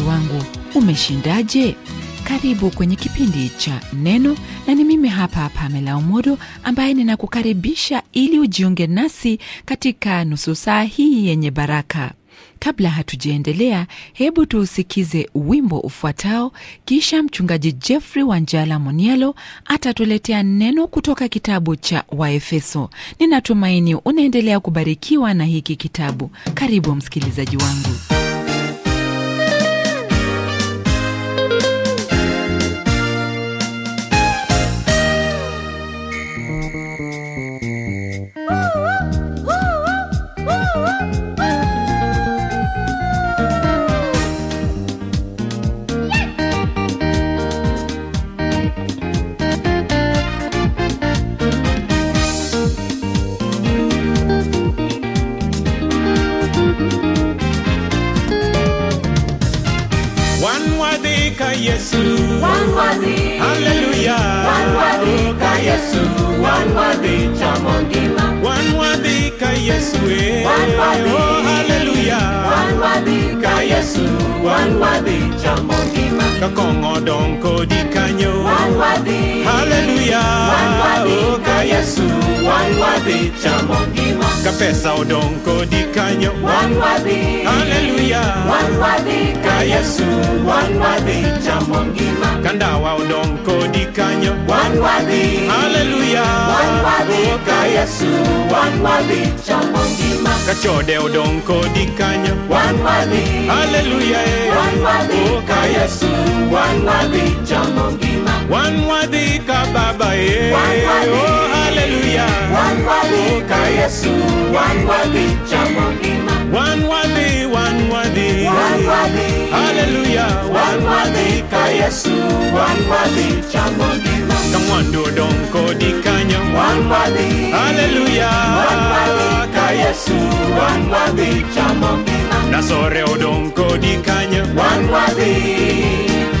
msikilizaji wangu, umeshindaje? Karibu kwenye kipindi cha Neno na ni mimi hapa Pamela umodo ambaye ninakukaribisha ili ujiunge nasi katika nusu saa hii yenye baraka. Kabla hatujaendelea, hebu tuusikize wimbo ufuatao, kisha mchungaji Jeffrey Wanjala monialo atatuletea neno kutoka kitabu cha Waefeso. Ninatumaini unaendelea kubarikiwa na hiki kitabu. Karibu msikilizaji wangu. con odonko di Banyo. Hallelujah. Oka oh, Yesu. Wanwabe chamongima. Kapesa odonko di kanyo. Wanwabe. Hallelujah. Wanwabe ka Yesu. Wanwabe chamongima. Kandawa odonko di kanyo. Wanwabe. Hallelujah. Wanwabe oh, ka Yesu. Wanwabe chamongima. Kachode odonko di kanyo. Wanwabe. Hallelujah. Wanwabe oh, ka Yesu. Wanwabe chamongima. One wadika baba ye. Oh hallelujah. One wadi. Oh, ka Yesu. One wadi. wadicha mongima. One wadi, one wadi. One wadi. Hallelujah. One wadi ka Yesu. One wadicha mongima. Come on, do don't di kanya. One wadi. Hallelujah. One wadi ka Yesu. One wadi. wadicha mongima. Nasore ko di kanya. One wadi.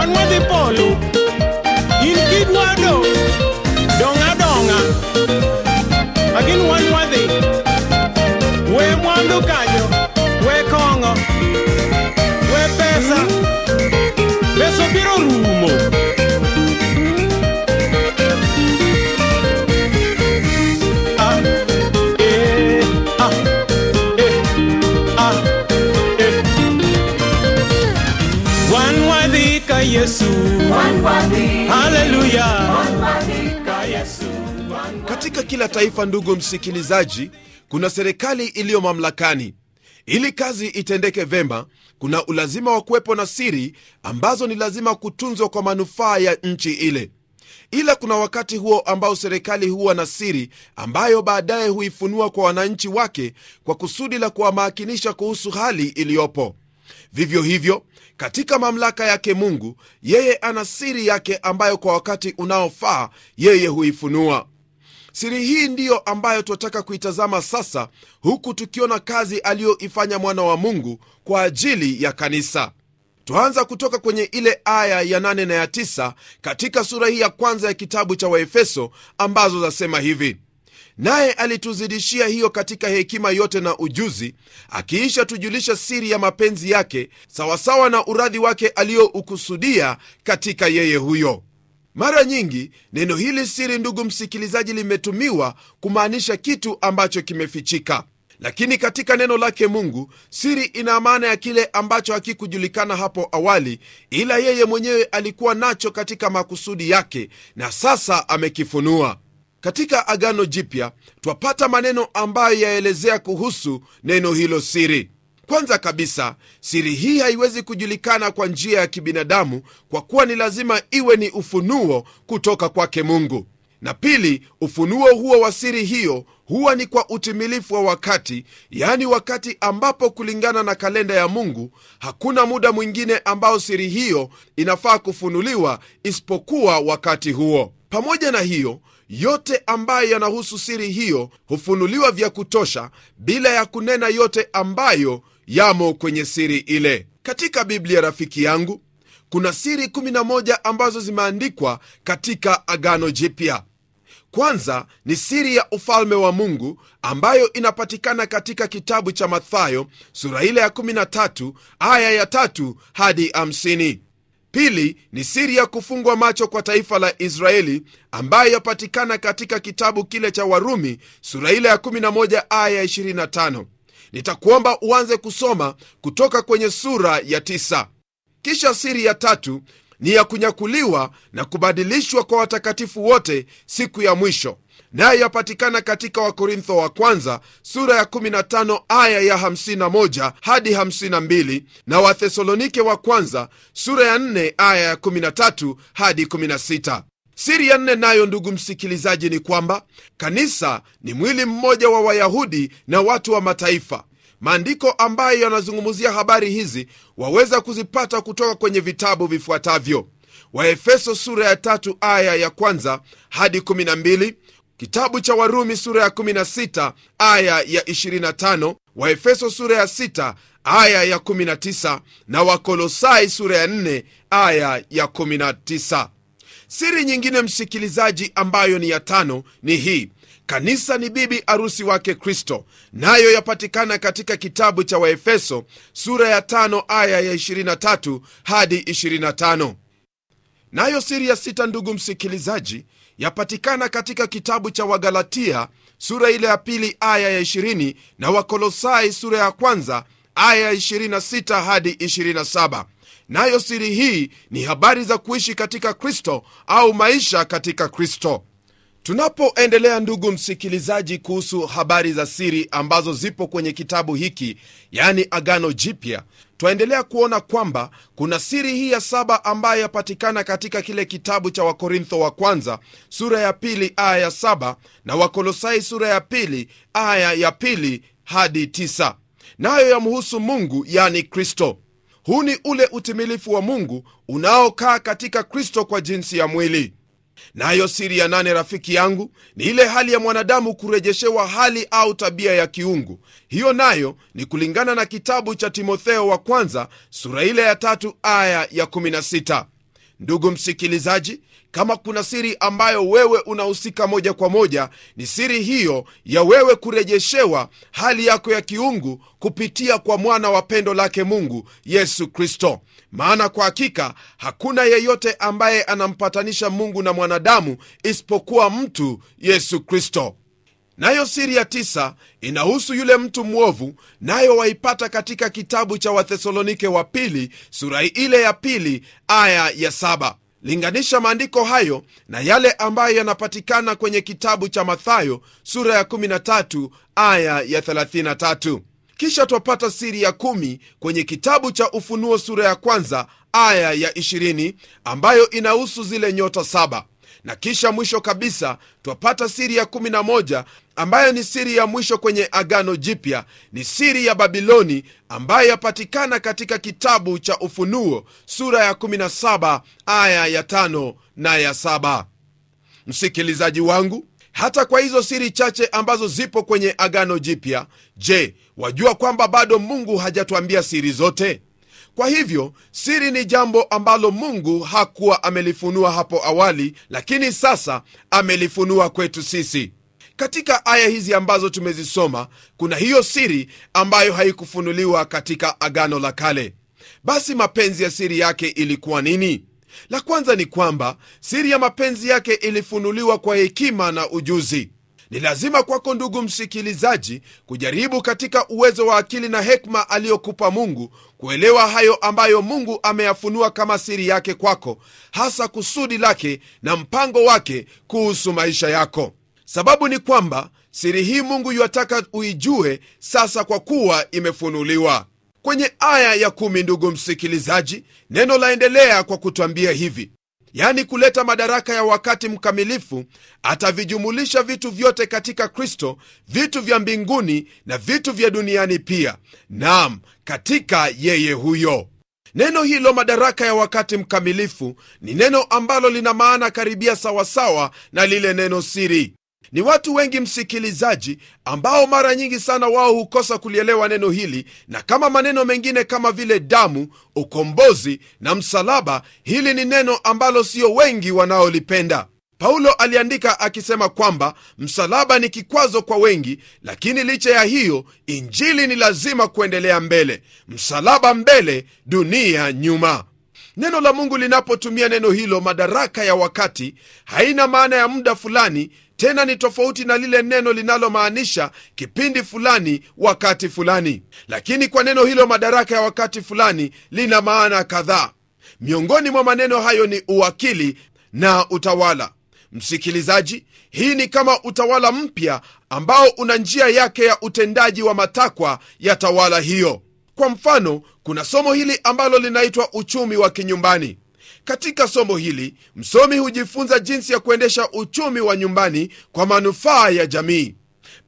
one wadhi polo in donga. dong dong one lakini wan wadhi we mwandu kanyo Haleluya. Katika kila taifa, ndugu msikilizaji, kuna serikali iliyo mamlakani. Ili kazi itendeke vema, kuna ulazima wa kuwepo na siri ambazo ni lazima kutunzwa kwa manufaa ya nchi ile. Ila kuna wakati huo ambao serikali huwa na siri ambayo baadaye huifunua kwa wananchi wake kwa kusudi la kuwamakinisha kuhusu hali iliyopo. Vivyo hivyo katika mamlaka yake Mungu, yeye ana siri yake ambayo kwa wakati unaofaa yeye huifunua. Siri hii ndiyo ambayo twataka kuitazama sasa, huku tukiona kazi aliyoifanya mwana wa Mungu kwa ajili ya kanisa. Twaanza kutoka kwenye ile aya ya 8 na ya 9 katika sura hii ya kwanza ya kitabu cha Waefeso ambazo zasema hivi: naye alituzidishia hiyo katika hekima yote na ujuzi, akiisha tujulisha siri ya mapenzi yake sawasawa na uradhi wake aliyoukusudia katika yeye huyo. Mara nyingi neno hili siri, ndugu msikilizaji, limetumiwa kumaanisha kitu ambacho kimefichika, lakini katika neno lake Mungu siri ina maana ya kile ambacho hakikujulikana hapo awali, ila yeye mwenyewe alikuwa nacho katika makusudi yake na sasa amekifunua katika Agano Jipya twapata maneno ambayo yaelezea kuhusu neno hilo siri. Kwanza kabisa, siri hii haiwezi kujulikana kwa njia ya kibinadamu, kwa kuwa ni lazima iwe ni ufunuo kutoka kwake Mungu. Na pili, ufunuo huo wa siri hiyo huwa ni kwa utimilifu wa wakati, yaani wakati ambapo kulingana na kalenda ya Mungu hakuna muda mwingine ambao siri hiyo inafaa kufunuliwa isipokuwa wakati huo. Pamoja na hiyo yote ambayo yanahusu siri hiyo hufunuliwa vya kutosha bila ya kunena yote ambayo yamo kwenye siri ile. Katika Biblia rafiki yangu, kuna siri 11 ambazo zimeandikwa katika Agano Jipya. Kwanza ni siri ya ufalme wa Mungu ambayo inapatikana katika kitabu cha Mathayo sura ile ya 13 aya ya 3 hadi Pili ni siri ya kufungwa macho kwa taifa la Israeli ambayo yapatikana katika kitabu kile cha Warumi sura ile ya 11 aya 25. Nitakuomba uanze kusoma kutoka kwenye sura ya 9. Kisha siri ya tatu ni ya kunyakuliwa na kubadilishwa kwa watakatifu wote siku ya mwisho, naye yapatikana katika Wakorintho wa kwanza sura ya 15 aya ya 51 hadi 52 na Wathesalonike wa kwanza sura ya 4 aya ya 13 hadi 16. Siri ya nne nayo, ndugu msikilizaji, ni kwamba kanisa ni mwili mmoja wa Wayahudi na watu wa mataifa maandiko ambayo yanazungumzia habari hizi waweza kuzipata kutoka kwenye vitabu vifuatavyo waefeso sura ya tatu aya ya kwanza hadi 12 kitabu cha warumi sura ya 16 aya ya 25 waefeso sura ya 6 aya ya 19 na wakolosai sura ya 4 aya ya 19 Siri nyingine msikilizaji, ambayo ni ya tano ni hii: kanisa ni bibi arusi wake Kristo, nayo yapatikana katika kitabu cha Waefeso sura ya tano aya ya 23 hadi 25. Nayo siri ya sita, ndugu msikilizaji, yapatikana katika kitabu cha Wagalatia sura ile ya pili aya ya 20 na Wakolosai sura ya kwanza aya ya 26 hadi 27 nayo siri hii ni habari za kuishi katika Kristo au maisha katika Kristo. Tunapoendelea ndugu msikilizaji, kuhusu habari za siri ambazo zipo kwenye kitabu hiki, yani Agano Jipya, twaendelea kuona kwamba kuna siri hii ya saba ambayo yapatikana katika kile kitabu cha Wakorintho wa kwanza sura ya pili aya ya saba na Wakolosai sura ya pili aya ya pili hadi tisa, nayo yamhusu Mungu, yani Kristo. Huu ni ule utimilifu wa Mungu unaokaa katika Kristo kwa jinsi ya mwili. Nayo na siri ya nane, rafiki yangu, ni ile hali ya mwanadamu kurejeshewa hali au tabia ya kiungu. Hiyo nayo ni kulingana na kitabu cha Timotheo wa kwanza sura ile ya tatu aya ya 16. Ndugu msikilizaji, kama kuna siri ambayo wewe unahusika moja kwa moja, ni siri hiyo ya wewe kurejeshewa hali yako ya kiungu kupitia kwa mwana wa pendo lake Mungu Yesu Kristo. Maana kwa hakika hakuna yeyote ambaye anampatanisha Mungu na mwanadamu isipokuwa mtu Yesu Kristo. Nayo siri ya tisa inahusu yule mtu mwovu, nayo waipata katika kitabu cha Wathesalonike wa pili sura ile ya pili aya ya saba linganisha maandiko hayo na yale ambayo yanapatikana kwenye kitabu cha mathayo sura ya 13 aya ya 33 kisha twapata siri ya kumi kwenye kitabu cha ufunuo sura ya kwanza aya ya 20 ambayo inahusu zile nyota saba na kisha mwisho kabisa twapata siri ya 11 ambayo ni siri ya mwisho kwenye Agano Jipya, ni siri ya Babiloni ambayo yapatikana katika kitabu cha Ufunuo sura ya 17 aya ya 5 na ya 7. Msikilizaji wangu, hata kwa hizo siri chache ambazo zipo kwenye Agano Jipya, je, wajua kwamba bado Mungu hajatwambia siri zote? kwa hivyo siri ni jambo ambalo mungu hakuwa amelifunua hapo awali lakini sasa amelifunua kwetu sisi katika aya hizi ambazo tumezisoma kuna hiyo siri ambayo haikufunuliwa katika agano la kale basi mapenzi ya siri yake ilikuwa nini la kwanza ni kwamba siri ya mapenzi yake ilifunuliwa kwa hekima na ujuzi ni lazima kwako ndugu msikilizaji kujaribu katika uwezo wa akili na hekma aliyokupa mungu kuelewa hayo ambayo mungu ameyafunua kama siri yake kwako hasa kusudi lake na mpango wake kuhusu maisha yako sababu ni kwamba siri hii mungu yuataka uijue sasa kwa kuwa imefunuliwa kwenye aya ya kumi ndugu msikilizaji neno laendelea kwa kutwambia hivi yani kuleta madaraka ya wakati mkamilifu, atavijumulisha vitu vyote katika Kristo, vitu vya mbinguni na vitu vya duniani pia, nam katika yeye huyo. Neno hilo madaraka ya wakati mkamilifu ni neno ambalo lina maana karibia sawasawa na lile neno siri. Ni watu wengi, msikilizaji, ambao mara nyingi sana wao hukosa kulielewa neno hili, na kama maneno mengine kama vile damu, ukombozi na msalaba, hili ni neno ambalo sio wengi wanaolipenda. Paulo aliandika akisema kwamba msalaba ni kikwazo kwa wengi, lakini licha ya hiyo injili ni lazima kuendelea mbele. Msalaba mbele, dunia nyuma. Neno la Mungu linapotumia neno hilo madaraka ya wakati, haina maana ya muda fulani, tena ni tofauti na lile neno linalomaanisha kipindi fulani, wakati fulani. Lakini kwa neno hilo madaraka ya wakati fulani lina maana kadhaa. Miongoni mwa maneno hayo ni uwakili na utawala. Msikilizaji, hii ni kama utawala mpya ambao una njia yake ya utendaji wa matakwa ya tawala hiyo. Kwa mfano, kuna somo hili ambalo linaitwa uchumi wa kinyumbani. Katika somo hili msomi hujifunza jinsi ya kuendesha uchumi wa nyumbani kwa manufaa ya jamii.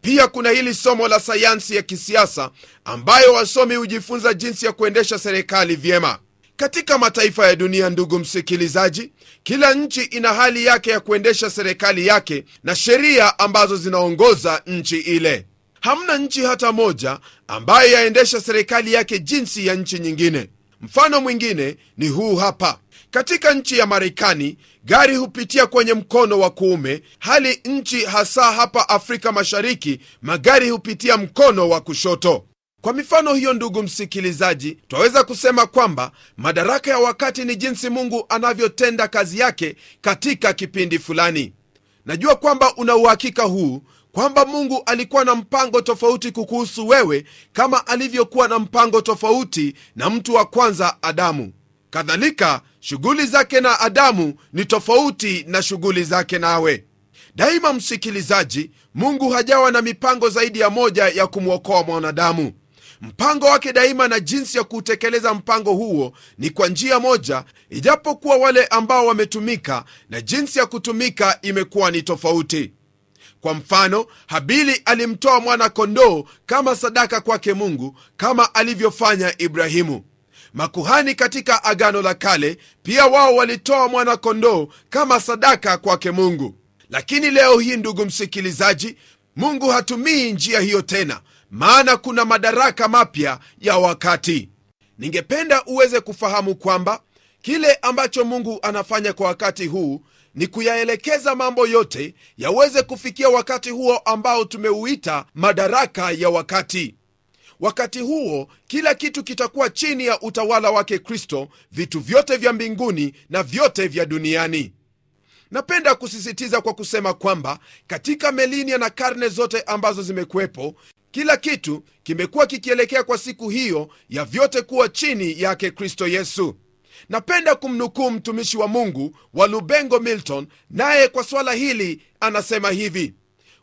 Pia kuna hili somo la sayansi ya kisiasa ambayo wasomi hujifunza jinsi ya kuendesha serikali vyema. Katika mataifa ya dunia, ndugu msikilizaji, kila nchi ina hali yake ya kuendesha serikali yake na sheria ambazo zinaongoza nchi ile hamna nchi hata moja ambaye yaendesha serikali yake jinsi ya nchi nyingine. Mfano mwingine ni huu hapa. Katika nchi ya Marekani gari hupitia kwenye mkono wa kuume, hali nchi hasa hapa Afrika Mashariki magari hupitia mkono wa kushoto. Kwa mifano hiyo, ndugu msikilizaji, twaweza kusema kwamba madaraka ya wakati ni jinsi Mungu anavyotenda kazi yake katika kipindi fulani. Najua kwamba una uhakika huu kwamba Mungu alikuwa na mpango tofauti kukuhusu wewe, kama alivyokuwa na mpango tofauti na mtu wa kwanza Adamu. Kadhalika, shughuli zake na Adamu ni tofauti na shughuli zake nawe. Daima msikilizaji, Mungu hajawa na mipango zaidi ya moja ya kumwokoa mwanadamu. Mpango wake daima na jinsi ya kuutekeleza mpango huo ni kwa njia moja, ijapokuwa wale ambao wametumika na jinsi ya kutumika imekuwa ni tofauti. Kwa mfano, Habili alimtoa mwana-kondoo kama sadaka kwake Mungu, kama alivyofanya Ibrahimu. Makuhani katika Agano la Kale pia wao walitoa mwana-kondoo kama sadaka kwake Mungu. Lakini leo hii, ndugu msikilizaji, Mungu hatumii njia hiyo tena, maana kuna madaraka mapya ya wakati. Ningependa uweze kufahamu kwamba kile ambacho Mungu anafanya kwa wakati huu ni kuyaelekeza mambo yote yaweze kufikia wakati huo ambao tumeuita madaraka ya wakati. Wakati huo kila kitu kitakuwa chini ya utawala wake Kristo, vitu vyote vya mbinguni na vyote vya duniani. Napenda kusisitiza kwa kusema kwamba katika melinia na karne zote ambazo zimekuwepo, kila kitu kimekuwa kikielekea kwa siku hiyo ya vyote kuwa chini yake Kristo Yesu napenda kumnukuu mtumishi wa mungu wa lubengo milton naye kwa swala hili anasema hivi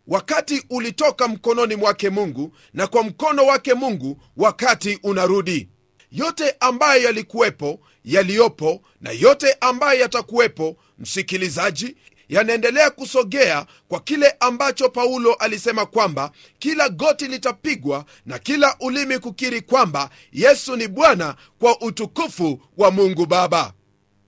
wakati ulitoka mkononi mwake mungu na kwa mkono wake mungu wakati unarudi yote ambayo yalikuwepo yaliyopo na yote ambayo yatakuwepo msikilizaji yanaendelea kusogea kwa kile ambacho Paulo alisema kwamba kila goti litapigwa na kila ulimi kukiri kwamba Yesu ni Bwana kwa utukufu wa Mungu Baba.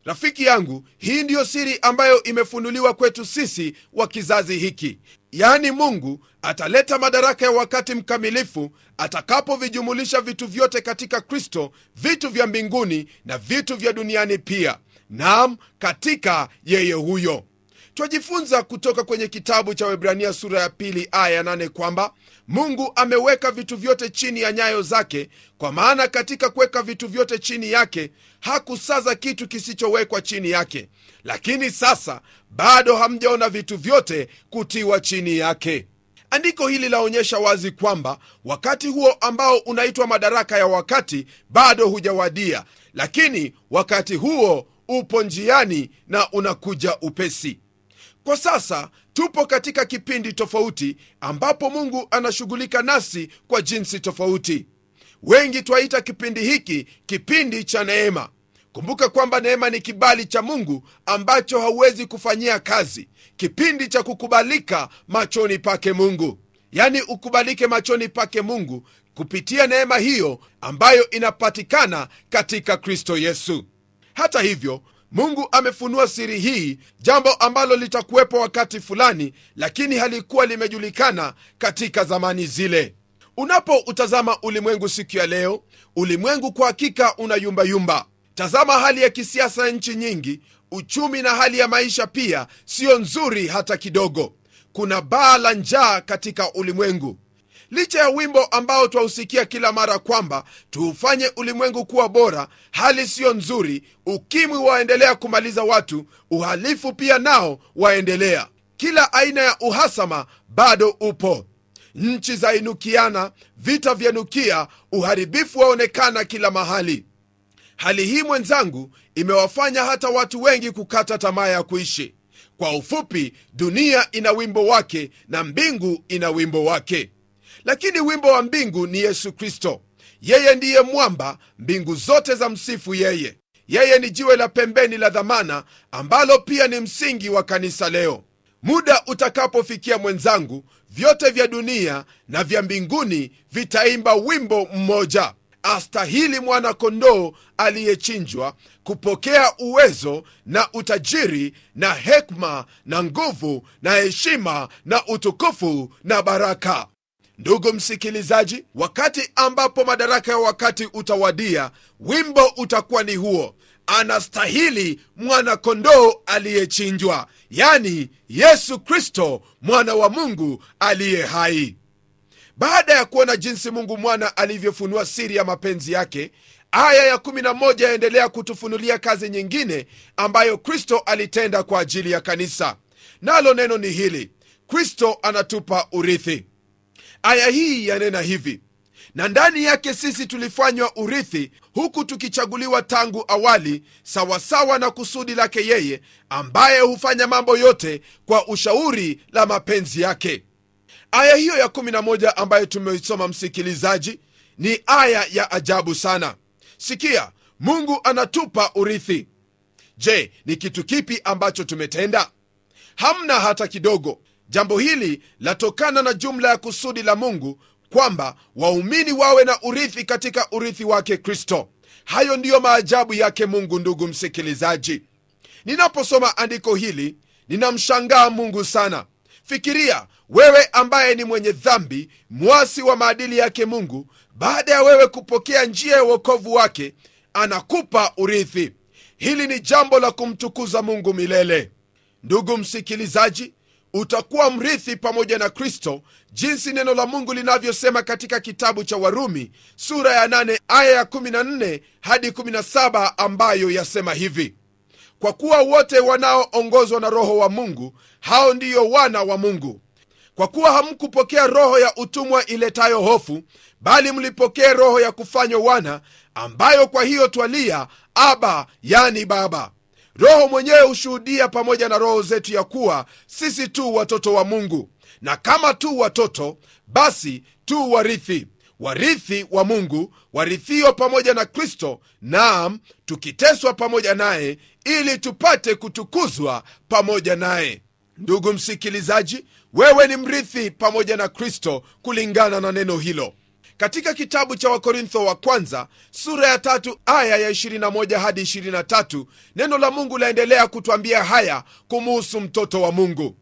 Rafiki yangu, hii ndiyo siri ambayo imefunuliwa kwetu sisi wa kizazi hiki, yaani Mungu ataleta madaraka ya wakati mkamilifu atakapovijumulisha vitu vyote katika Kristo, vitu vya mbinguni na vitu vya duniani pia, nam katika yeye huyo twajifunza kutoka kwenye kitabu cha webrania sura ya pili aya ya nane kwamba Mungu ameweka vitu vyote chini ya nyayo zake, kwa maana katika kuweka vitu vyote chini yake hakusaza kitu kisichowekwa chini yake. Lakini sasa bado hamjaona vitu vyote kutiwa chini yake. Andiko hili laonyesha wazi kwamba wakati huo ambao unaitwa madaraka ya wakati bado hujawadia, lakini wakati huo upo njiani na unakuja upesi kwa sasa tupo katika kipindi tofauti ambapo mungu anashughulika nasi kwa jinsi tofauti wengi twaita kipindi hiki kipindi cha neema kumbuka kwamba neema ni kibali cha mungu ambacho hauwezi kufanyia kazi kipindi cha kukubalika machoni pake mungu yaani ukubalike machoni pake mungu kupitia neema hiyo ambayo inapatikana katika kristo yesu hata hivyo Mungu amefunua siri hii, jambo ambalo litakuwepo wakati fulani, lakini halikuwa limejulikana katika zamani zile. Unapoutazama ulimwengu siku ya leo, ulimwengu kwa hakika una yumbayumba. Tazama hali ya kisiasa ya nchi nyingi, uchumi na hali ya maisha pia siyo nzuri hata kidogo. Kuna baa la njaa katika ulimwengu licha ya wimbo ambao twausikia kila mara kwamba tuufanye ulimwengu kuwa bora, hali siyo nzuri. Ukimwi waendelea kumaliza watu, uhalifu pia nao waendelea, kila aina ya uhasama bado upo, nchi zainukiana, vita vyanukia, uharibifu waonekana kila mahali. Hali hii mwenzangu, imewafanya hata watu wengi kukata tamaa ya kuishi. Kwa ufupi, dunia ina wimbo wake na mbingu ina wimbo wake lakini wimbo wa mbingu ni Yesu Kristo. Yeye ndiye mwamba, mbingu zote za msifu yeye. Yeye ni jiwe la pembeni la dhamana ambalo pia ni msingi wa kanisa leo. Muda utakapofikia mwenzangu, vyote vya dunia na vya mbinguni vitaimba wimbo mmoja: astahili mwana-kondoo aliyechinjwa kupokea uwezo na utajiri na hekma na nguvu na heshima na utukufu na baraka. Ndugu msikilizaji, wakati ambapo madaraka ya wakati utawadia, wimbo utakuwa ni huo, anastahili mwana-kondoo aliyechinjwa, yani Yesu Kristo mwana wa Mungu aliye hai. Baada ya kuona jinsi Mungu mwana alivyofunua siri ya mapenzi yake, aya ya 11 yaendelea kutufunulia kazi nyingine ambayo Kristo alitenda kwa ajili ya kanisa, nalo neno ni hili: Kristo anatupa urithi. Aya hii yanena hivi: na ndani yake sisi tulifanywa urithi, huku tukichaguliwa tangu awali sawasawa na kusudi lake yeye, ambaye hufanya mambo yote kwa ushauri la mapenzi yake. Aya hiyo ya 11 ambayo tumeisoma, msikilizaji, ni aya ya ajabu sana. Sikia, Mungu anatupa urithi. Je, ni kitu kipi ambacho tumetenda? Hamna hata kidogo. Jambo hili latokana na jumla ya kusudi la Mungu kwamba waumini wawe na urithi katika urithi wake Kristo. Hayo ndiyo maajabu yake Mungu. Ndugu msikilizaji, ninaposoma andiko hili ninamshangaa Mungu sana. Fikiria wewe ambaye ni mwenye dhambi, mwasi wa maadili yake Mungu, baada ya wewe kupokea njia ya uokovu wake, anakupa urithi. Hili ni jambo la kumtukuza Mungu milele. Ndugu msikilizaji, utakuwa mrithi pamoja na Kristo, jinsi neno la Mungu linavyosema katika kitabu cha Warumi sura ya 8 aya ya 14 hadi 17, ambayo yasema hivi: kwa kuwa wote wanaoongozwa na Roho wa Mungu hao ndiyo wana wa Mungu. Kwa kuwa hamkupokea roho ya utumwa iletayo hofu, bali mlipokea roho ya kufanywa wana, ambayo kwa hiyo twalia Aba, yani Baba roho mwenyewe hushuhudia pamoja na roho zetu ya kuwa sisi tu watoto wa mungu na kama tu watoto basi tu warithi warithi wa mungu warithio pamoja na kristo naam tukiteswa pamoja naye ili tupate kutukuzwa pamoja naye ndugu msikilizaji wewe ni mrithi pamoja na kristo kulingana na neno hilo katika kitabu cha wakorintho wa kwanza sura ya tatu aya ya 21 hadi 23 neno la mungu laendelea kutwambia haya kumuhusu mtoto wa mungu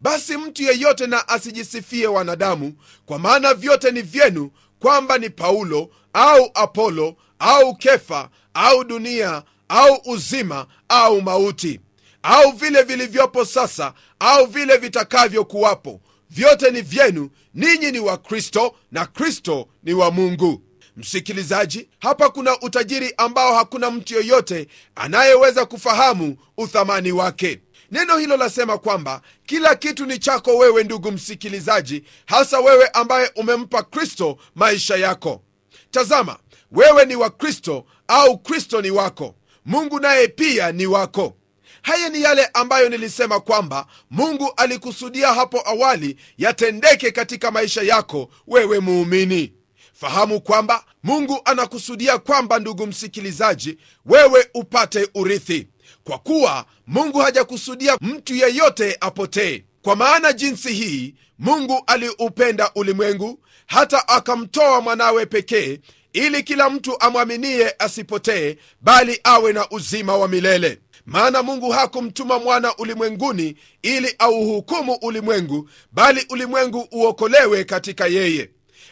basi mtu yeyote na asijisifie wanadamu kwa maana vyote ni vyenu kwamba ni paulo au apolo au kefa au dunia au uzima au mauti au vile vilivyopo sasa au vile vitakavyokuwapo vyote ni vyenu ninyi ni wa Kristo na Kristo ni wa Mungu. Msikilizaji, hapa kuna utajiri ambao hakuna mtu yoyote anayeweza kufahamu uthamani wake. Neno hilo lasema kwamba kila kitu ni chako wewe, ndugu msikilizaji, hasa wewe ambaye umempa Kristo maisha yako. Tazama, wewe ni wa Kristo au Kristo ni wako. Mungu naye pia ni wako. Haya ni yale ambayo nilisema kwamba Mungu alikusudia hapo awali yatendeke katika maisha yako wewe muumini. Fahamu kwamba Mungu anakusudia kwamba, ndugu msikilizaji, wewe upate urithi, kwa kuwa Mungu hajakusudia mtu yeyote apotee. Kwa maana jinsi hii Mungu aliupenda ulimwengu hata akamtoa mwanawe pekee, ili kila mtu amwaminie asipotee, bali awe na uzima wa milele maana Mungu hakumtuma mwana ulimwenguni ili auhukumu ulimwengu, bali ulimwengu uokolewe katika yeye.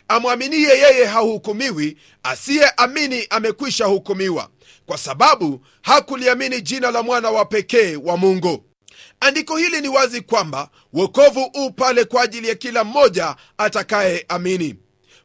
Amwaminiye yeye hahukumiwi, asiyeamini amekwisha hukumiwa, kwa sababu hakuliamini jina la mwana wa pekee wa Mungu. Andiko hili ni wazi kwamba wokovu u pale kwa ajili ya kila mmoja atakayeamini.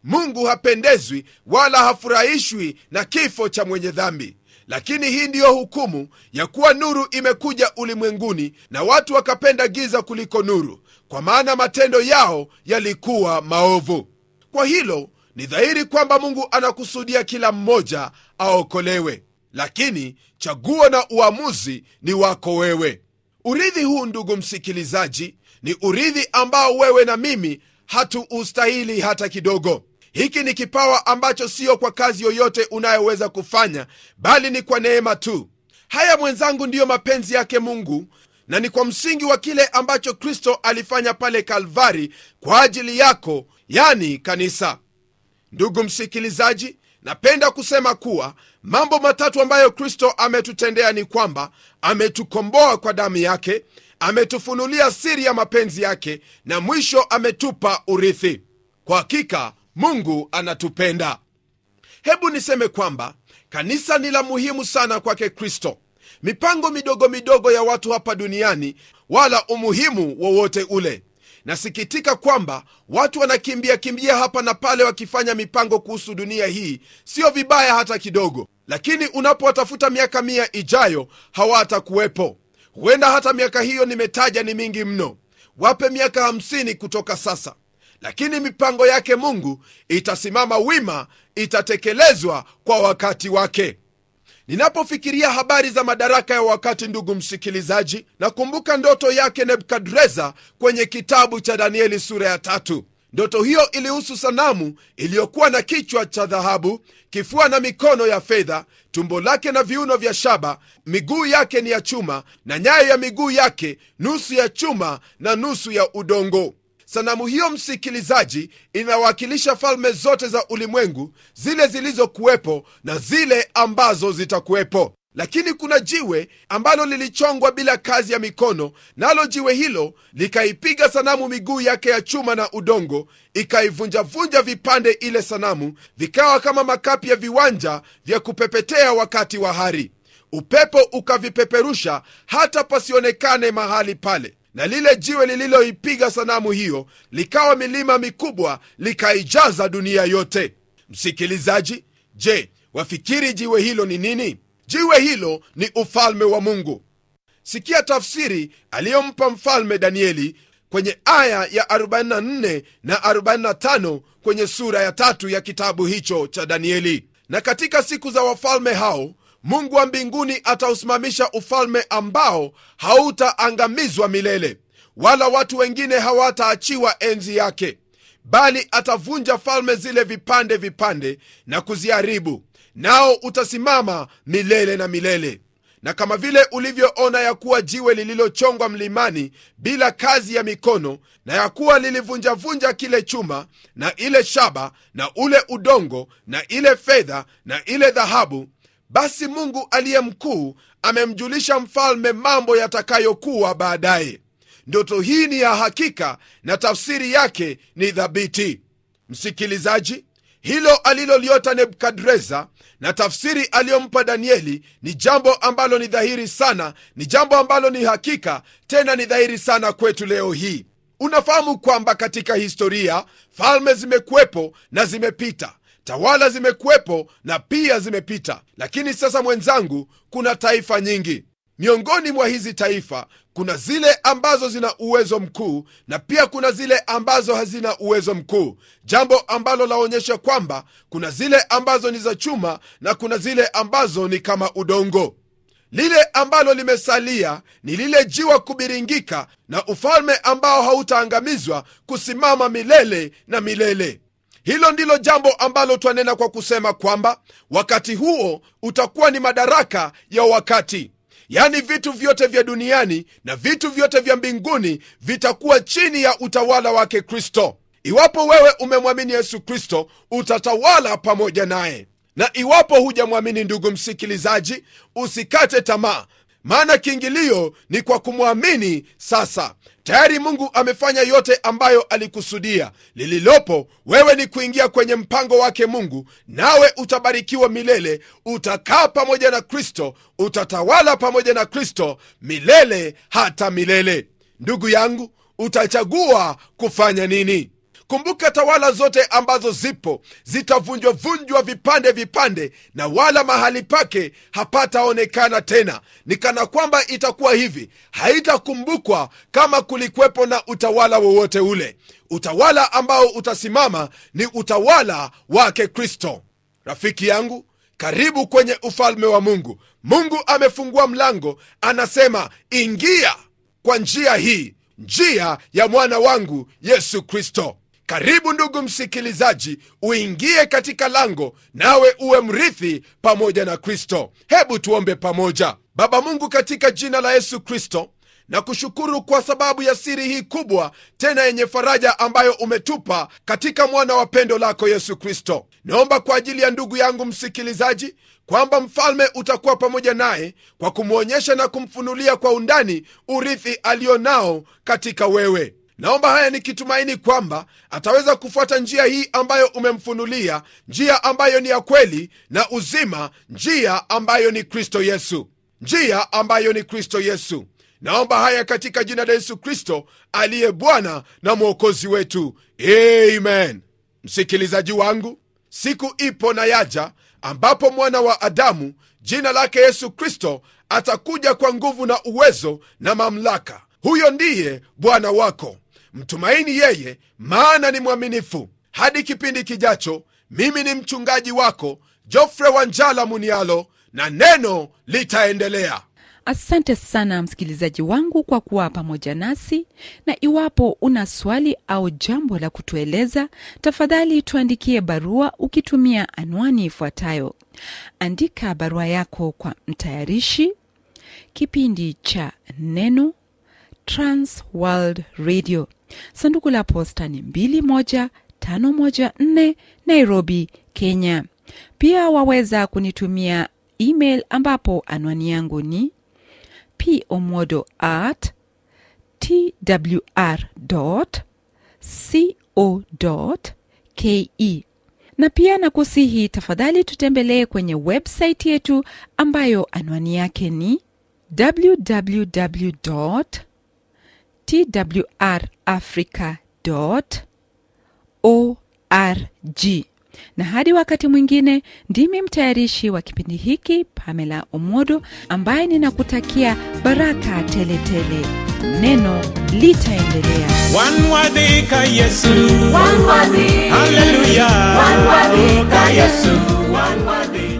Mungu hapendezwi wala hafurahishwi na kifo cha mwenye dhambi. Lakini hii ndiyo hukumu ya kuwa nuru imekuja ulimwenguni, na watu wakapenda giza kuliko nuru, kwa maana matendo yao yalikuwa maovu. Kwa hilo ni dhahiri kwamba Mungu anakusudia kila mmoja aokolewe, lakini chaguo na uamuzi ni wako wewe. Urithi huu, ndugu msikilizaji, ni urithi ambao wewe na mimi hatuustahili hata kidogo. Hiki ni kipawa ambacho siyo kwa kazi yoyote unayoweza kufanya, bali ni kwa neema tu. Haya mwenzangu, ndiyo mapenzi yake Mungu na ni kwa msingi wa kile ambacho Kristo alifanya pale Kalvari kwa ajili yako, yani kanisa. Ndugu msikilizaji, napenda kusema kuwa mambo matatu ambayo Kristo ametutendea ni kwamba ametukomboa kwa damu yake, ametufunulia siri ya mapenzi yake, na mwisho ametupa urithi. Kwa hakika Mungu anatupenda. Hebu niseme kwamba kanisa ni la muhimu sana kwake Kristo. Mipango midogo midogo ya watu hapa duniani wala umuhimu wowote ule. Nasikitika kwamba watu wanakimbia kimbia hapa na pale wakifanya mipango kuhusu dunia hii. Sio vibaya hata kidogo, lakini unapowatafuta miaka mia ijayo hawatakuwepo. Huenda hata miaka hiyo nimetaja ni mingi mno. Wape miaka 50 kutoka sasa lakini mipango yake Mungu itasimama wima, itatekelezwa kwa wakati wake. Ninapofikiria habari za madaraka ya wakati, ndugu msikilizaji, nakumbuka ndoto yake Nebukadreza kwenye kitabu cha Danieli sura ya tatu. Ndoto hiyo ilihusu sanamu iliyokuwa na kichwa cha dhahabu, kifua na mikono ya fedha, tumbo lake na viuno vya shaba, miguu yake ni ya chuma, na nyayo ya miguu yake nusu ya chuma na nusu ya udongo. Sanamu hiyo, msikilizaji, inawakilisha falme zote za ulimwengu, zile zilizokuwepo na zile ambazo zitakuwepo. Lakini kuna jiwe ambalo lilichongwa bila kazi ya mikono, nalo jiwe hilo likaipiga sanamu miguu yake ya chuma na udongo, ikaivunjavunja vipande ile sanamu, vikawa kama makapi ya viwanja vya kupepetea wakati wa hari. Upepo ukavipeperusha hata pasionekane mahali pale na lile jiwe lililoipiga sanamu hiyo likawa milima mikubwa likaijaza dunia yote. Msikilizaji, je, wafikiri jiwe hilo ni nini? Jiwe hilo ni ufalme wa Mungu. Sikia tafsiri aliyompa mfalme Danieli kwenye aya ya 44 na 45 kwenye sura ya tatu ya kitabu hicho cha Danieli. Na katika siku za wafalme hao Mungu wa mbinguni atausimamisha ufalme ambao hautaangamizwa milele, wala watu wengine hawataachiwa enzi yake, bali atavunja falme zile vipande vipande na kuziharibu, nao utasimama milele na milele. Na kama vile ulivyoona ya kuwa jiwe lililochongwa mlimani bila kazi ya mikono, na ya kuwa lilivunjavunja kile chuma na ile shaba na ule udongo na ile fedha na ile dhahabu basi Mungu aliye mkuu amemjulisha mfalme mambo yatakayokuwa baadaye. Ndoto hii ni ya hakika na tafsiri yake ni dhabiti Msikilizaji, hilo aliloliota Nebukadreza na tafsiri aliyompa Danieli ni jambo ambalo ni dhahiri sana, ni jambo ambalo ni hakika, tena ni dhahiri sana kwetu leo hii. Unafahamu kwamba katika historia falme zimekuwepo na zimepita tawala zimekuwepo na pia zimepita, lakini sasa mwenzangu, kuna taifa nyingi. Miongoni mwa hizi taifa kuna zile ambazo zina uwezo mkuu na pia kuna zile ambazo hazina uwezo mkuu, jambo ambalo laonyesha kwamba kuna zile ambazo ni za chuma na kuna zile ambazo ni kama udongo. Lile ambalo limesalia ni lile jiwa kubiringika, na ufalme ambao hautaangamizwa kusimama milele na milele. Hilo ndilo jambo ambalo twanena kwa kusema kwamba wakati huo utakuwa ni madaraka ya wakati, yaani vitu vyote vya duniani na vitu vyote vya mbinguni vitakuwa chini ya utawala wake Kristo. Iwapo wewe umemwamini Yesu Kristo, utatawala pamoja naye na iwapo hujamwamini, ndugu msikilizaji, usikate tamaa, maana kiingilio ni kwa kumwamini. Sasa tayari Mungu amefanya yote ambayo alikusudia. Lililopo wewe ni kuingia kwenye mpango wake Mungu, nawe utabarikiwa milele. Utakaa pamoja na Kristo, utatawala pamoja na Kristo milele hata milele. Ndugu yangu, utachagua kufanya nini? Kumbuka tawala zote ambazo zipo zitavunjwavunjwa vipande vipande, na wala mahali pake hapataonekana tena. Ni kana kwamba itakuwa hivi, haitakumbukwa kama kulikwepo na utawala wowote ule. Utawala ambao utasimama ni utawala wake Kristo. Rafiki yangu, karibu kwenye ufalme wa Mungu. Mungu amefungua mlango, anasema ingia kwa njia hii, njia ya mwana wangu Yesu Kristo. Karibu ndugu msikilizaji, uingie katika lango nawe uwe mrithi pamoja na Kristo. Hebu tuombe pamoja. Baba Mungu, katika jina la Yesu Kristo na kushukuru kwa sababu ya siri hii kubwa tena yenye faraja ambayo umetupa katika mwana wa pendo lako Yesu Kristo. Naomba kwa ajili ya ndugu yangu msikilizaji kwamba mfalme utakuwa pamoja naye kwa kumwonyesha na kumfunulia kwa undani urithi alionao katika wewe naomba haya nikitumaini kwamba ataweza kufuata njia hii ambayo umemfunulia, njia ambayo ni ya kweli na uzima, njia ambayo ni Kristo Yesu, njia ambayo ni Kristo Yesu. Naomba haya katika jina la Yesu Kristo aliye Bwana na Mwokozi wetu, amen. Msikilizaji wangu, siku ipo na yaja ambapo mwana wa Adamu jina lake Yesu Kristo atakuja kwa nguvu na uwezo na mamlaka. Huyo ndiye Bwana wako. Mtumaini yeye, maana ni mwaminifu. Hadi kipindi kijacho, mimi ni mchungaji wako Jofre Wanjala Munialo, na neno litaendelea. Asante sana msikilizaji wangu kwa kuwa pamoja nasi, na iwapo una swali au jambo la kutueleza, tafadhali tuandikie barua ukitumia anwani ifuatayo. Andika barua yako kwa mtayarishi kipindi cha Neno, Transworld Radio, Sanduku la posta ni 21514 Nairobi, Kenya. Pia waweza kunitumia email ambapo anwani yangu ni pomodo at twr co ke na pia nakusihi tafadhali tutembelee kwenye websaiti yetu ambayo anwani yake ni www twrafrica.org. Na hadi wakati mwingine, ndimi mtayarishi wa kipindi hiki Pamela Omodo, ambaye ninakutakia baraka teletele. Neno litaendelea.